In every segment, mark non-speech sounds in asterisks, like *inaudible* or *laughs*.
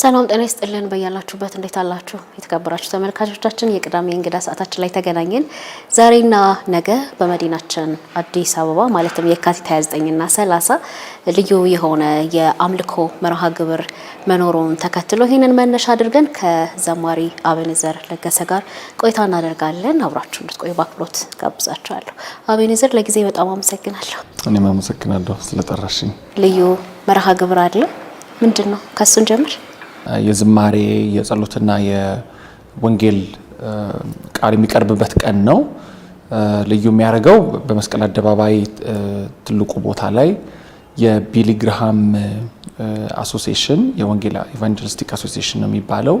ሰላም ጤና ይስጥልን በያላችሁበት እንዴት አላችሁ? የተከበራችሁ ተመልካቾቻችን የቅዳሜ እንግዳ ሰዓታችን ላይ ተገናኘን። ዛሬና ነገ በመዲናችን አዲስ አበባ ማለትም የካቲት 29ና 30 ልዩ የሆነ የአምልኮ መርሃ ግብር መኖሩን ተከትሎ ይህንን መነሻ አድርገን ከዘማሪ አቤኔዘር ለገሰ ጋር ቆይታ እናደርጋለን። አብራችሁ እንድትቆዩ በአክብሮት ጋብዛችኋለሁ። አቤኔዘር ለጊዜ በጣም አመሰግናለሁ። እኔም አመሰግናለሁ ስለጠራሽኝ። ልዩ መርሃ ግብር አለ ምንድን ነው? ከሱን ጀምር የዝማሬ የጸሎትና የወንጌል ቃል የሚቀርብበት ቀን ነው። ልዩ የሚያደርገው በመስቀል አደባባይ ትልቁ ቦታ ላይ የቢሊ ግርሃም አሶሲሽን የወንጌል ኢቫንጀሊስቲክ አሶሲሽን ነው የሚባለው።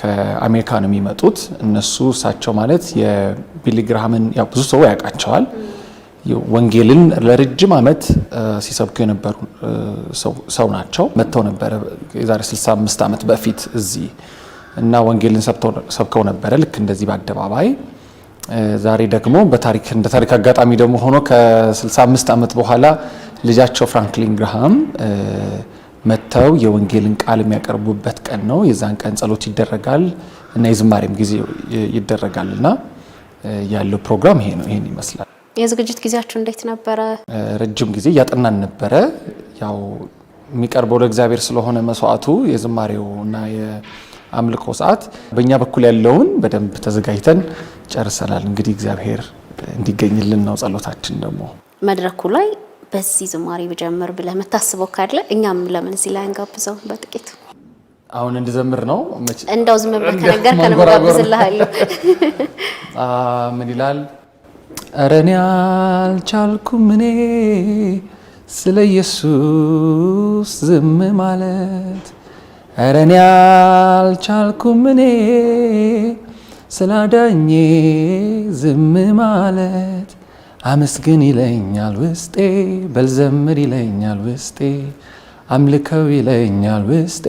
ከአሜሪካ ነው የሚመጡት እነሱ። እሳቸው ማለት የቢሊ ግርሃምን ያው ብዙ ሰው ያውቃቸዋል። ወንጌልን ለረጅም ዓመት ሲሰብኩ የነበሩ ሰው ናቸው። መጥተው ነበረ የዛሬ 65 ዓመት በፊት እዚህ እና ወንጌልን ሰብከው ነበረ ልክ እንደዚህ በአደባባይ። ዛሬ ደግሞ በታሪክ እንደ ታሪክ አጋጣሚ ደግሞ ሆኖ ከ65 ዓመት በኋላ ልጃቸው ፍራንክሊን ግርሃም መጥተው የወንጌልን ቃል የሚያቀርቡበት ቀን ነው። የዛን ቀን ጸሎት ይደረጋል እና የዝማሬም ጊዜ ይደረጋል እና ያለው ፕሮግራም ይሄ ነው። ይሄን ይመስላል። የዝግጅት ጊዜያችሁ እንዴት ነበረ? ረጅም ጊዜ እያጠናን ነበረ። ያው የሚቀርበው ለእግዚአብሔር ስለሆነ መስዋዕቱ የዝማሬው እና የአምልኮ ሰዓት በእኛ በኩል ያለውን በደንብ ተዘጋጅተን ጨርሰናል። እንግዲህ እግዚአብሔር እንዲገኝልን ነው ጸሎታችን። ደግሞ መድረኩ ላይ በዚህ ዝማሬ ብጀምር ብለህ የምታስበው ካለ እኛም ለምን እዚህ ላይ እንጋብዘው በጥቂት አሁን እንድዘምር ነው እንደው ዝም ብለህ ከነገርከን *laughs* ምን ይላል ኧረ እኔ አልቻልኩም እኔ ስለ ኢየሱስ ዝም ማለት ኧረ እኔ አልቻልኩም እኔ ዝም ማለት አመስግን ይለኛል ውስጤ በልዘምር ይለኛል ውስጤ አምልከው ይለኛል ውስጤ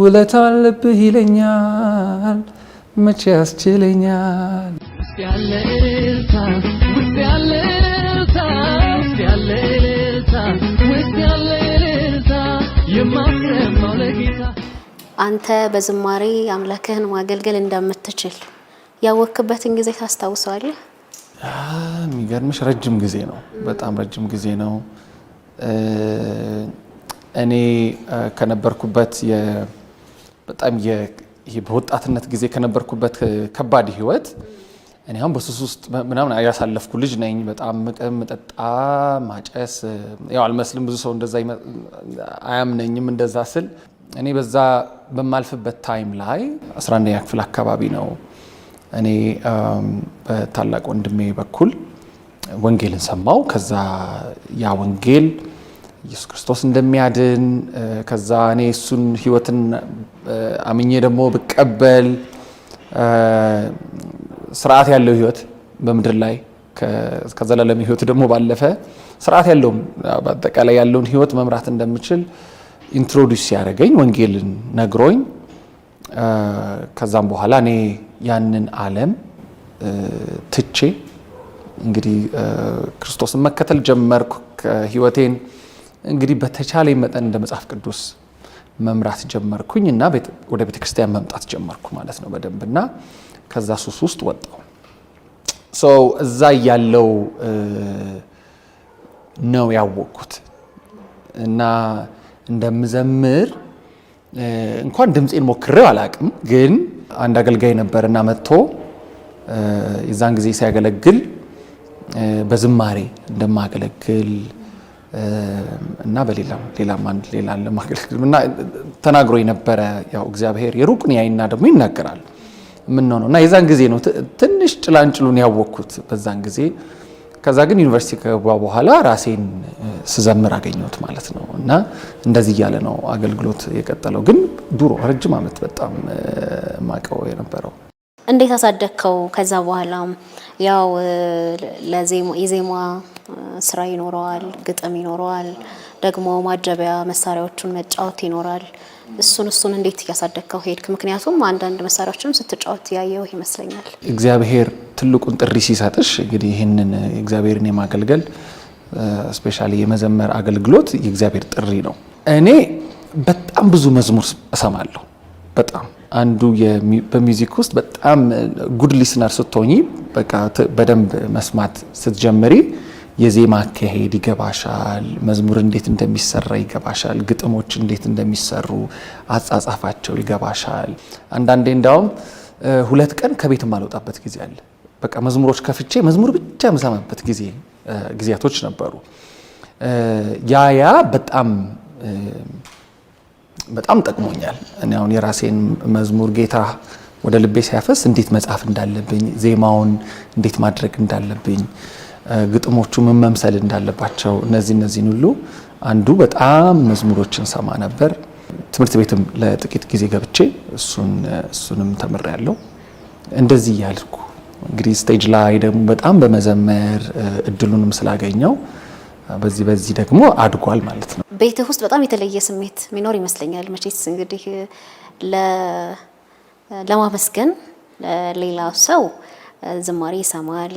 ውለታ አለብህ ይለኛል መቼ ያስችለኛል አንተ በዝማሬ አምላክህን ማገልገል እንደምትችል ያወክበትን ጊዜ ታስታውሰዋለህ? የሚገርምሽ ረጅም ጊዜ ነው፣ በጣም ረጅም ጊዜ ነው። እኔ ከነበርኩበት በጣም በወጣትነት ጊዜ ከነበርኩበት ከባድ ህይወት እኔ አሁን በሱስ ውስጥ ምናምን ያሳለፍኩ ልጅ ነኝ። በጣም ምቅም ምጠጣ፣ ማጨስ ያው አልመስልም። ብዙ ሰው እንደዛ አያምነኝም እንደዛ ስል እኔ በዛ በማልፍበት ታይም ላይ 11ኛ ክፍል አካባቢ ነው እኔ በታላቅ ወንድሜ በኩል ወንጌልን ሰማው። ከዛ ያ ወንጌል ኢየሱስ ክርስቶስ እንደሚያድን ከዛ እኔ እሱን ህይወትን አምኜ ደግሞ ብቀበል ስርዓት ያለው ህይወት በምድር ላይ ከዘላለም ህይወት ደግሞ ባለፈ ስርዓት ያለውም በአጠቃላይ ያለውን ህይወት መምራት እንደምችል ኢንትሮዲስ ሲያደርገኝ ወንጌልን ነግሮኝ ከዛም በኋላ እኔ ያንን ዓለም ትቼ እንግዲህ ክርስቶስን መከተል ጀመርኩ። ህይወቴን እንግዲህ በተቻለ መጠን እንደ መጽሐፍ ቅዱስ መምራት ጀመርኩኝ እና ወደ ቤተ ክርስቲያን መምጣት ጀመርኩ ማለት ነው በደንብ እና ከዛ ሱስ ውስጥ ወጣው። እዛ ያለው ነው ያወቅኩት እና እንደምዘምር እንኳን ድምፄን ሞክሬው አላቅም። ግን አንድ አገልጋይ ነበርና መጥቶ የዛን ጊዜ ሲያገለግል በዝማሬ እንደማገለግል እና በሌላም ሌላም አንድ ሌላ ለማገለግል እና ተናግሮ የነበረ ያው እግዚአብሔር የሩቅን ያይና ደግሞ ይናገራል። ምን ነው እና የዛን ጊዜ ነው ትንሽ ጭላንጭሉን ያወቅኩት በዛን ጊዜ ከዛ ግን ዩኒቨርሲቲ ከገባ በኋላ ራሴን ስዘምር አገኘሁት ማለት ነው። እና እንደዚህ እያለ ነው አገልግሎት የቀጠለው። ግን ድሮ ረጅም ዓመት በጣም ማቀው የነበረው እንዴት አሳደግከው? ከዛ በኋላ ያው የዜማ ስራ ይኖረዋል፣ ግጥም ይኖረዋል፣ ደግሞ ማጀቢያ መሳሪያዎቹን መጫወት ይኖራል። እሱን እሱን እንዴት እያሳደግከው ሄድክ? ምክንያቱም አንዳንድ መሳሪያዎችም ስትጫወት ያየው ይመስለኛል። እግዚአብሔር ትልቁን ጥሪ ሲሰጥሽ እንግዲህ ይህንን እግዚአብሔርን የማገልገል ስፔሻሊ የመዘመር አገልግሎት የእግዚአብሔር ጥሪ ነው። እኔ በጣም ብዙ መዝሙር እሰማለሁ። በጣም አንዱ በሚውዚክ ውስጥ በጣም ጉድ ሊስነር ስትሆኚ በቃ በደንብ መስማት ስትጀምሪ የዜማ አካሄድ ይገባሻል። መዝሙር እንዴት እንደሚሰራ ይገባሻል። ግጥሞች እንዴት እንደሚሰሩ አጻጻፋቸው ይገባሻል። አንዳንዴ እንዳውም ሁለት ቀን ከቤት የማልወጣበት ጊዜ አለ። በቃ መዝሙሮች ከፍቼ መዝሙር ብቻ የምሰማበት ጊዜ ጊዜያቶች ነበሩ። ያ ያ በጣም በጣም ጠቅሞኛል። እኔ አሁን የራሴን መዝሙር ጌታ ወደ ልቤ ሲያፈስ እንዴት መጻፍ እንዳለብኝ ዜማውን እንዴት ማድረግ እንዳለብኝ ግጥሞቹ ምን መምሰል እንዳለባቸው እነዚህ እነዚህን ሁሉ አንዱ በጣም መዝሙሮችን ሰማ ነበር። ትምህርት ቤትም ለጥቂት ጊዜ ገብቼ እሱንም ተምሬያለሁ። እንደዚህ እያልኩ እንግዲህ ስቴጅ ላይ ደግሞ በጣም በመዘመር እድሉንም ስላገኘው በዚህ በዚህ ደግሞ አድጓል ማለት ነው። ቤትህ ውስጥ በጣም የተለየ ስሜት ሚኖር ይመስለኛል። መቼት እንግዲህ ለማመስገን ሌላ ሰው ዝማሬ ይሰማል፣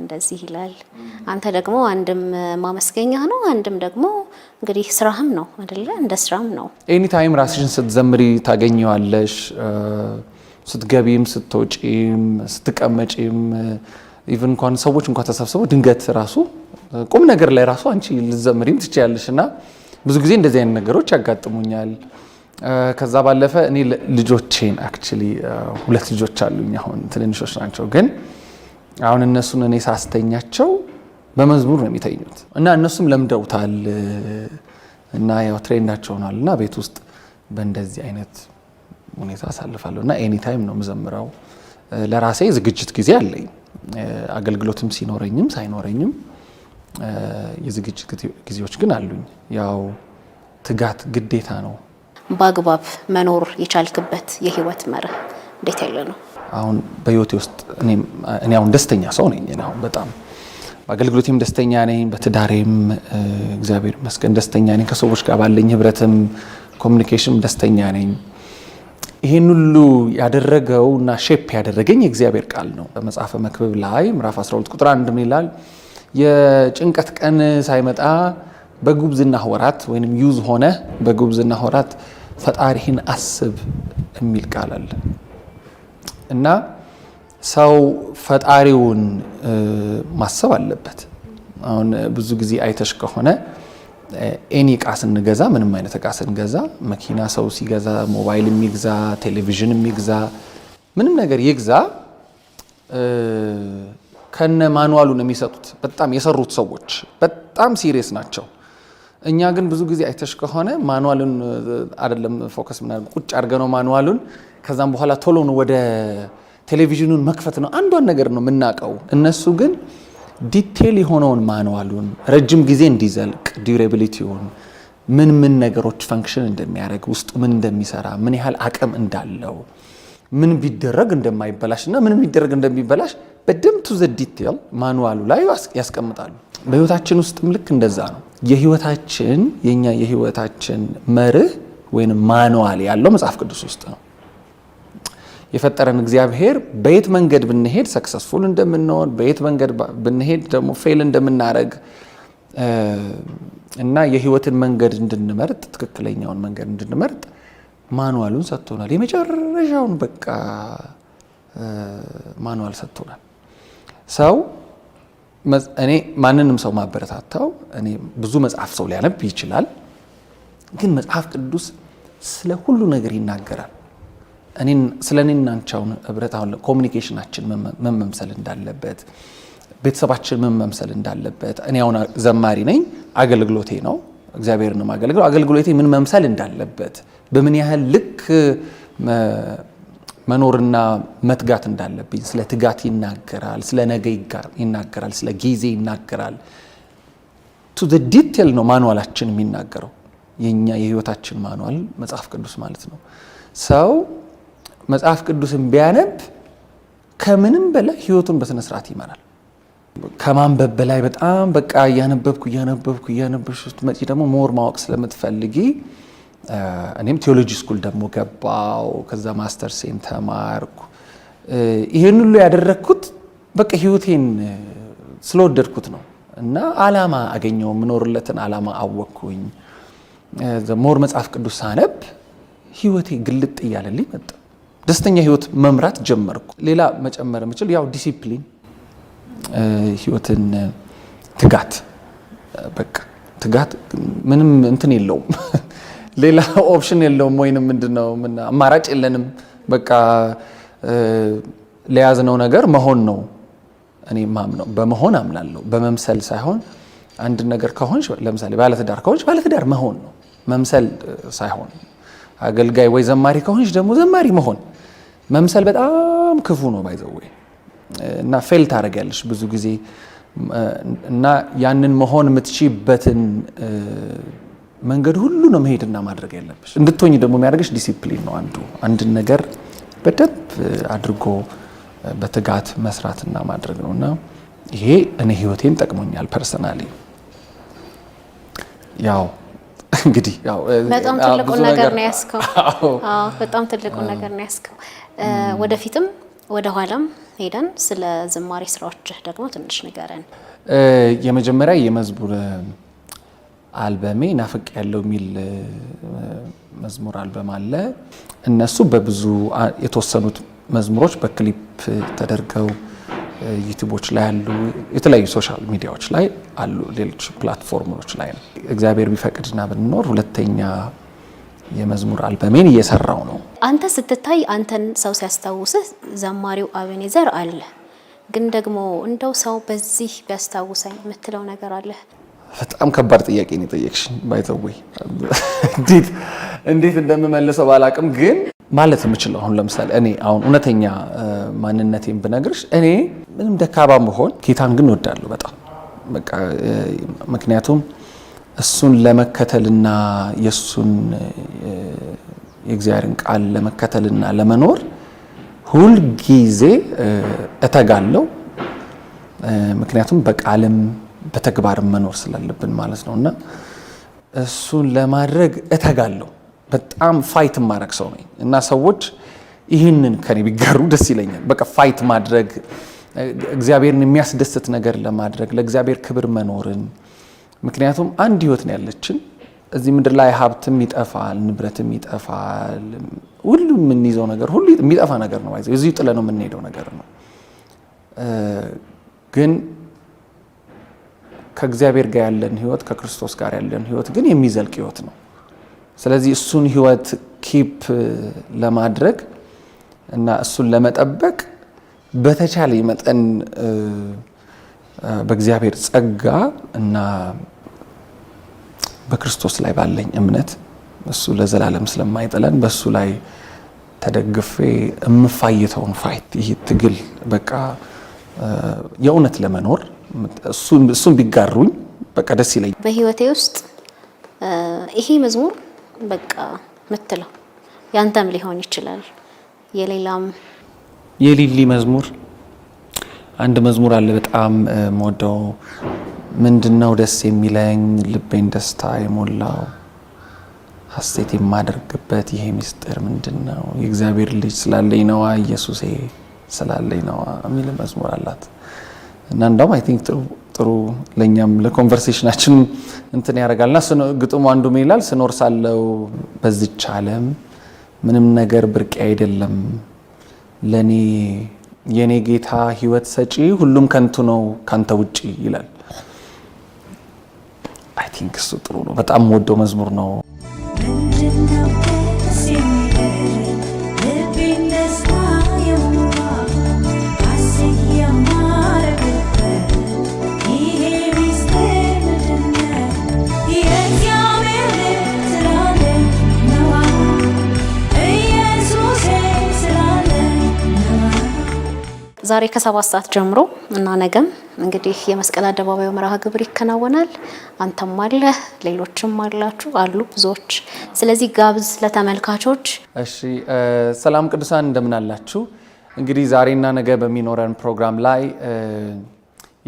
እንደዚህ ይላል። አንተ ደግሞ አንድም ማመስገኛ ነው፣ አንድም ደግሞ እንግዲህ ስራህም ነው አይደለ? እንደ ስራም ነው። ኤኒ ታይም ራስሽን ስትዘምሪ ታገኘዋለሽ። ስትገቢም፣ ስትወጪም፣ ስትቀመጪም ኢቨን እንኳን ሰዎች እንኳን ተሰብስበው ድንገት ራሱ ቁም ነገር ላይ ራሱ አንቺ ልዘምሪም ትችያለሽ እና ብዙ ጊዜ እንደዚህ አይነት ነገሮች ያጋጥሙኛል። ከዛ ባለፈ እኔ ልጆቼን አክቹሊ ሁለት ልጆች አሉኝ። አሁን ትንንሾች ናቸው፣ ግን አሁን እነሱን እኔ ሳስተኛቸው በመዝሙር ነው የሚተኙት እና እነሱም ለምደውታል እና ያው ትሬንዳቸው ሆኗል እና ቤት ውስጥ በእንደዚህ አይነት ሁኔታ አሳልፋለሁ እና ኤኒታይም ነው የምዘምረው። ለራሴ ዝግጅት ጊዜ አለኝ አገልግሎትም ሲኖረኝም ሳይኖረኝም የዝግጅት ጊዜዎች ግን አሉኝ። ያው ትጋት ግዴታ ነው። በአግባብ መኖር የቻልክበት የህይወት መርህ እንዴት ያለ ነው? አሁን በህይወቴ ውስጥ እኔ አሁን ደስተኛ ሰው ነኝ። አሁን በጣም በአገልግሎቴም ደስተኛ ነኝ፣ በትዳሬም እግዚአብሔር ይመስገን ደስተኛ ነኝ፣ ከሰዎች ጋር ባለኝ ህብረትም ኮሚኒኬሽንም ደስተኛ ነኝ። ይህን ሁሉ ያደረገው እና ሼፕ ያደረገኝ የእግዚአብሔር ቃል ነው። በመጽሐፈ መክብብ ላይ ምዕራፍ 12 ቁጥር አንድ ምን ይላል? የጭንቀት ቀን ሳይመጣ በጉብዝና ወራት ወይም ዩዝ ሆነ በጉብዝና ወራት ፈጣሪህን አስብ የሚል ቃል አለ እና ሰው ፈጣሪውን ማሰብ አለበት። አሁን ብዙ ጊዜ አይተሽ ከሆነ ኤኒ እቃ ስንገዛ፣ ምንም አይነት እቃ ስንገዛ፣ መኪና ሰው ሲገዛ፣ ሞባይል የሚግዛ፣ ቴሌቪዥን የሚግዛ፣ ምንም ነገር ይግዛ ከነ ማኑዋሉ ነው የሚሰጡት። በጣም የሰሩት ሰዎች በጣም ሲሪየስ ናቸው። እኛ ግን ብዙ ጊዜ አይተሽ ከሆነ ማኑዋሉን አይደለም ፎከስ ምናምን ቁጭ አድርገ ነው ማኑዋሉን። ከዛም በኋላ ቶሎ ነው ወደ ቴሌቪዥኑን መክፈት ነው። አንዷን ነገር ነው የምናውቀው። እነሱ ግን ዲቴል የሆነውን ማኑዋሉን ረጅም ጊዜ እንዲዘልቅ ዲዩሬቢሊቲውን፣ ምን ምን ነገሮች ፈንክሽን እንደሚያደርግ ውስጡ ምን እንደሚሰራ ምን ያህል አቅም እንዳለው ምን ቢደረግ እንደማይበላሽ እና ምን ቢደረግ እንደሚበላሽ በደምብ ቱ ዘ ዲቴል ማኑዋሉ ላይ ያስቀምጣሉ። በህይወታችን ውስጥም ልክ እንደዛ ነው። የህይወታችን የኛ የህይወታችን መርህ ወይም ማንዋል ያለው መጽሐፍ ቅዱስ ውስጥ ነው። የፈጠረን እግዚአብሔር በየት መንገድ ብንሄድ ሰክሰስፉል እንደምንሆን በየት መንገድ ብንሄድ ደግሞ ፌል እንደምናደርግ እና የህይወትን መንገድ እንድንመርጥ ትክክለኛውን መንገድ እንድንመርጥ ማንዋሉን ሰጥቶናል። የመጨረሻውን በቃ ማንዋል ሰጥቶናል ሰው እኔ ማንንም ሰው ማበረታታው እኔ ብዙ መጽሐፍ ሰው ሊያነብ ይችላል፣ ግን መጽሐፍ ቅዱስ ስለ ሁሉ ነገር ይናገራል። ስለ እኔ እናንቻውን ህብረት አሁን ኮሚኒኬሽናችን ምን መምሰል እንዳለበት፣ ቤተሰባችን ምን መምሰል እንዳለበት። እኔ አሁን ዘማሪ ነኝ፣ አገልግሎቴ ነው እግዚአብሔርን ማገልግለው። አገልግሎቴ ምን መምሰል እንዳለበት በምን ያህል ልክ መኖርና መትጋት እንዳለብኝ ስለ ትጋት ይናገራል፣ ስለ ነገ ይናገራል፣ ስለ ጊዜ ይናገራል። ቱ ዘ ዲቴል ነው ማኑዋላችን የሚናገረው የእኛ የህይወታችን ማኑዋል መጽሐፍ ቅዱስ ማለት ነው። ሰው መጽሐፍ ቅዱስን ቢያነብ ከምንም በላይ ህይወቱን በስነ ስርዓት ይመራል። ከማንበብ በላይ በጣም በቃ እያነበብኩ እያነበብኩ እያነበብሽ ስትመጪ ደግሞ ሞር ማወቅ ስለምትፈልጊ እኔም ቴዎሎጂ ስኩል ደግሞ ገባው። ከዛ ማስተር ሴም ተማርኩ። ይህን ሁሉ ያደረግኩት በቃ ህይወቴን ስለወደድኩት ነው እና አላማ አገኘው። የምኖርለትን አላማ አወቅኩኝ። ሞር መጽሐፍ ቅዱስ ሳነብ ህይወቴ ግልጥ እያለልኝ መጣ። ደስተኛ ህይወት መምራት ጀመርኩ። ሌላ መጨመር የምችል ያው ዲሲፕሊን፣ ህይወትን ትጋት፣ በቃ ትጋት ምንም እንትን የለውም *laughs* ሌላ *laughs* ኦፕሽን የለውም ወይንም ምንድን ነው አማራጭ የለንም። በቃ ለያዝነው ነገር መሆን ነው። እኔ ማምነው በመሆን አምናለሁ፣ በመምሰል ሳይሆን አንድ ነገር ከሆንሽ ለምሳሌ ባለትዳር ከሆንሽ ባለትዳር መሆን ነው መምሰል ሳይሆን፣ አገልጋይ ወይ ዘማሪ ከሆንሽ ደግሞ ዘማሪ መሆን። መምሰል በጣም ክፉ ነው ባይዘዌ እና ፌል ታደርጊያለሽ ብዙ ጊዜ እና ያንን መሆን የምትችይበትን መንገድ ሁሉ ነው መሄድና ማድረግ ያለብሽ። እንድትሆኝ ደግሞ የሚያደርግሽ ዲሲፕሊን ነው አንዱ። አንድን ነገር በደንብ አድርጎ በትጋት መስራትና ማድረግ ነው እና ይሄ እኔ ህይወቴን ጠቅሞኛል ፐርሰናሊ። ያው እንግዲህ በጣም ነገር ነው ያስከው። *laughs* በጣም ነገር ነው ያስከው። ወደፊትም ወደ ኋላም ሄደን ስለ ዝማሬ ስራዎችህ ደግሞ ትንሽ ንገረን። የመጀመሪያ የመዝሙር አልበሜ ናፍቅ ያለው የሚል መዝሙር አልበም አለ። እነሱ በብዙ የተወሰኑት መዝሙሮች በክሊፕ ተደርገው ዩቲቦች ላይ አሉ፣ የተለያዩ ሶሻል ሚዲያዎች ላይ አሉ፣ ሌሎች ፕላትፎርሞች ላይ ነው። እግዚአብሔር ቢፈቅድና ብንኖር ሁለተኛ የመዝሙር አልበሜን እየሰራው ነው። አንተ ስትታይ አንተን ሰው ሲያስታውስህ ዘማሪው አቤኔዘር አለ፣ ግን ደግሞ እንደው ሰው በዚህ ቢያስታውሰኝ የምትለው ነገር አለ? በጣም ከባድ ጥያቄ ነው የጠየቅሽኝ። ባይተወይ እንዴት እንዴት እንደምመልሰው ባላቅም ግን ማለት የምችለው አሁን ለምሳሌ እኔ አሁን እውነተኛ ማንነቴን ብነግርሽ እኔ ምንም ደካባ መሆን ጌታን ግን እወዳለሁ በጣም በቃ ምክንያቱም እሱን ለመከተልና የእሱን የእግዚአብሔርን ቃል ለመከተልና ለመኖር ሁልጊዜ እተጋለው ምክንያቱም በቃልም በተግባር መኖር ስላለብን ማለት ነው እና እሱን ለማድረግ እተጋለሁ። በጣም ፋይት ማድረግ ሰው ነኝ እና ሰዎች ይህንን ከኔ ቢጋሩ ደስ ይለኛል። በቃ ፋይት ማድረግ እግዚአብሔርን የሚያስደስት ነገር ለማድረግ ለእግዚአብሔር ክብር መኖርን። ምክንያቱም አንድ ህይወት ነው ያለችን። እዚህ ምድር ላይ ሀብትም ይጠፋል፣ ንብረትም ይጠፋል። ሁሉ የምንይዘው ነገር ሁሉ የሚጠፋ ነገር ነው። እዚሁ ጥለ ነው የምንሄደው ነገር ነው ግን ከእግዚአብሔር ጋር ያለን ህይወት ከክርስቶስ ጋር ያለን ህይወት ግን የሚዘልቅ ህይወት ነው። ስለዚህ እሱን ህይወት ኪፕ ለማድረግ እና እሱን ለመጠበቅ በተቻለ መጠን በእግዚአብሔር ጸጋ እና በክርስቶስ ላይ ባለኝ እምነት እሱ ለዘላለም ስለማይጥለን በእሱ ላይ ተደግፌ የምፋይተውን ፋይት ይህ ትግል በቃ የእውነት ለመኖር እሱን ቢጋሩኝ በቃ ደስ ይለኝ። በህይወቴ ውስጥ ይሄ መዝሙር በቃ ምትለው ያንተም ሊሆን ይችላል የሌላም የሊሊ መዝሙር አንድ መዝሙር አለ በጣም ሞደው ምንድነው ደስ የሚለኝ ልቤን ደስታ የሞላው ሀሴት የማደርግበት ይሄ ምስጢር ምንድን ነው የእግዚአብሔር ልጅ ስላለኝ ነዋ ኢየሱሴ ስላለኝ ነዋ የሚል መዝሙር አላት። እና እንዳውም አይ ቲንክ ጥሩ ለእኛም ለኮንቨርሴሽናችን እንትን ያደርጋል። እና ግጥሙ አንዱ ምን ይላል? ስኖር ሳለው በዚች ዓለም ምንም ነገር ብርቅ አይደለም ለእኔ የእኔ ጌታ ህይወት ሰጪ ሁሉም ከንቱ ነው ካንተ ውጪ ይላል። አይ ቲንክ እሱ ጥሩ ነው። በጣም ወደው መዝሙር ነው። ዛሬ ከሰባት ሰዓት ጀምሮ እና ነገም እንግዲህ የመስቀል አደባባዩ መርሃ ግብር ይከናወናል። አንተም አለህ፣ ሌሎችም አላችሁ አሉ ብዙዎች። ስለዚህ ጋብዝ ለተመልካቾች። እሺ፣ ሰላም ቅዱሳን እንደምን አላችሁ? እንግዲህ ዛሬና ነገ በሚኖረን ፕሮግራም ላይ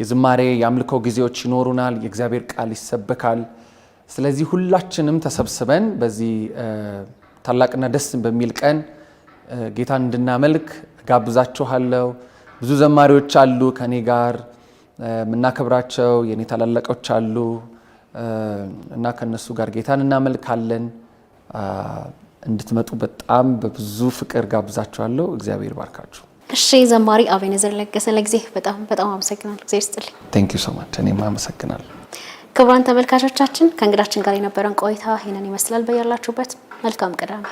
የዝማሬ የአምልኮ ጊዜዎች ይኖሩናል። የእግዚአብሔር ቃል ይሰበካል። ስለዚህ ሁላችንም ተሰብስበን በዚህ ታላቅና ደስ በሚል ቀን ጌታን እንድናመልክ ጋብዛችኋለሁ። ብዙ ዘማሪዎች አሉ ከኔ ጋር የምናከብራቸው የኔ ታላላቆች አሉ እና ከነሱ ጋር ጌታን እናመልካለን። እንድትመጡ በጣም በብዙ ፍቅር ጋብዛችኋለሁ። እግዚአብሔር ባርካችሁ። እሺ ዘማሪ አቤኔዘር ለገሰ ለጊዜ በጣም በጣም አመሰግናለሁ። እግዚአብሔር ይስጥልኝ። ቴንክ ዩ ሶ ማች። እኔም አመሰግናለሁ። ክቡራን ተመልካቾቻችን ከእንግዳችን ጋር የነበረን ቆይታ ይህንን ይመስላል። በያላችሁበት መልካም ቅዳሜ